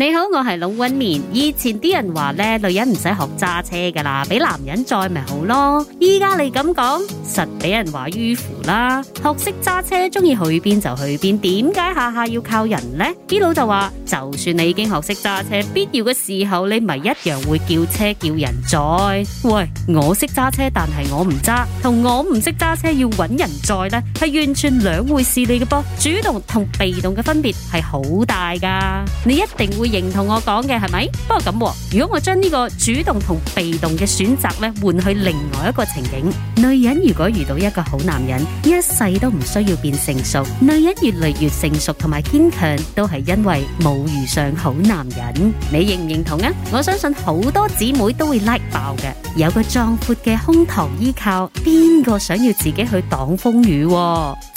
你好，我係龍紋敏。以前啲人話咧，女人唔使學揸車噶啦，俾男人載咪好咯。依家你咁講，實俾人話迂腐啦。學識揸車，中意去邊就去邊，點解下下要靠人呢？啲佬就話，就算你已經學識揸車，必要嘅時候，你咪一樣會叫車叫人載。喂，我識揸車，但係我唔揸，同我唔識揸車要揾人載咧，係完全兩回事嚟嘅噃。主動同被動嘅分別係好大噶，你一定會。認同我講嘅係咪？不過咁，如果我將呢個主動同被動嘅選擇咧，換去另外一個情景，女人如果遇到一個好男人，一世都唔需要變成熟。女人越嚟越成熟同埋堅強，都係因為冇遇上好男人。你認唔認同啊？我相信好多姊妹都會 like 爆嘅。有個壯闊嘅胸膛依靠，邊個想要自己去擋風雨？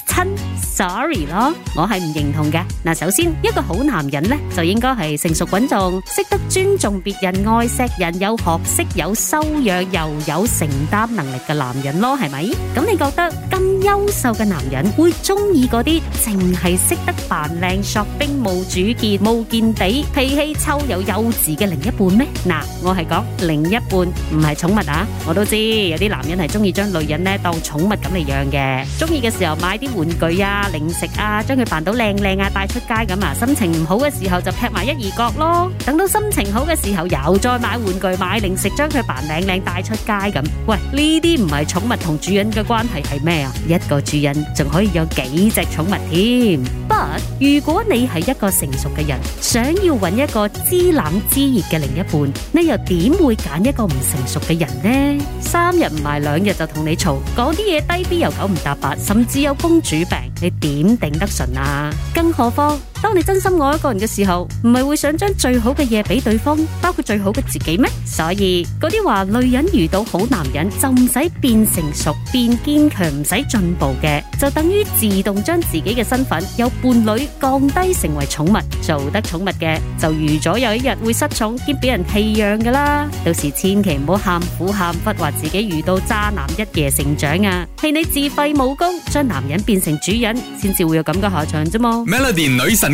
親，sorry 咯，我係唔認同嘅。嗱，首先一個好男人咧就應該係成熟穩重，識得尊重別人，愛錫人，有學識，有修養，又有承擔能力嘅男人咯，係咪？咁你覺得今？優秀嘅男人會中意嗰啲淨係識得扮靚索兵、冇主見、冇見地、脾氣臭又幼稚嘅另一半咩？嗱，我係講另一半，唔係寵物啊！我都知有啲男人係中意將女人咧當寵物咁嚟養嘅，中意嘅時候買啲玩具啊、零食啊，將佢扮到靚靚啊，帶出街咁啊。心情唔好嘅時候就劈埋一、二角咯。等到心情好嘅時候又再買玩具、買零食，將佢扮靚靚帶出街咁啊。喂，呢啲唔係寵物同主人嘅關係係咩啊？一個主人仲可以有幾隻寵物添？But 如果你係一個成熟嘅人，想要揾一個知冷知熱嘅另一半，你又點會揀一個唔成熟嘅人呢？三日唔埋兩日就同你嘈，講啲嘢低 B 又九唔搭八，甚至有公主病，你點頂得順啊？更何況。當你真心愛一個人嘅時候，唔係會想將最好嘅嘢俾對方，包括最好嘅自己咩？所以嗰啲話女人遇到好男人就唔使變成熟、變堅強、唔使進步嘅，就等於自動將自己嘅身份由伴侶降低成為寵物。做得寵物嘅就預咗有一日會失寵兼俾人棄養噶啦。到時千祈唔好喊苦喊忽，話自己遇到渣男一夜成長啊！係你自廢武功，將男人變成主人，先至會有咁嘅下場啫嘛。Melody 女神